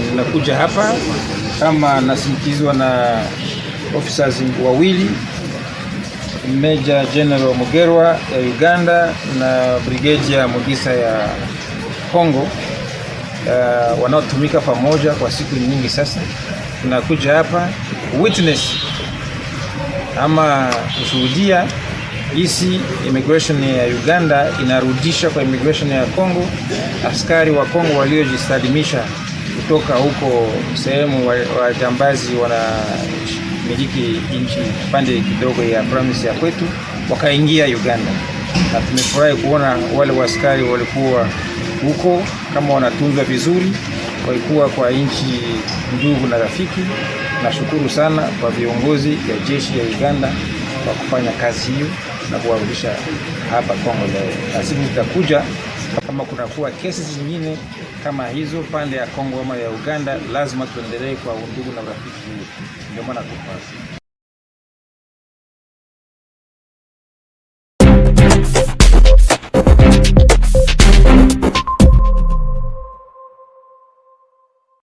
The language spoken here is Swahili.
ninakuja hapa kama nasindikizwa na officers wawili Major General Mugerwa ya Uganda na Brigade ya Mugisa ya Kongo, uh, wanaotumika pamoja kwa siku nyingi sasa. Tunakuja hapa witness ama kushuhudia isi immigration ya Uganda inarudisha kwa immigration ya Kongo askari wa Kongo waliojisalimisha kutoka huko sehemu wajambazi wa wanamiliki nchi pande kidogo ya province ya kwetu wakaingia Uganda, na tumefurahi kuona wale waskari walikuwa huko kama wanatunzwa vizuri, walikuwa kwa nchi ndugu na rafiki. Nashukuru sana kwa viongozi ya jeshi ya Uganda kwa kufanya kazi hiyo na kuwarudisha hapa Kongo leo, na siku zitakuja kama kunakuwa kesi zingine kama hizo pande ya Kongo ama ya Uganda, lazima tuendelee kwa undugu na urafiki huo, ndio maana tuko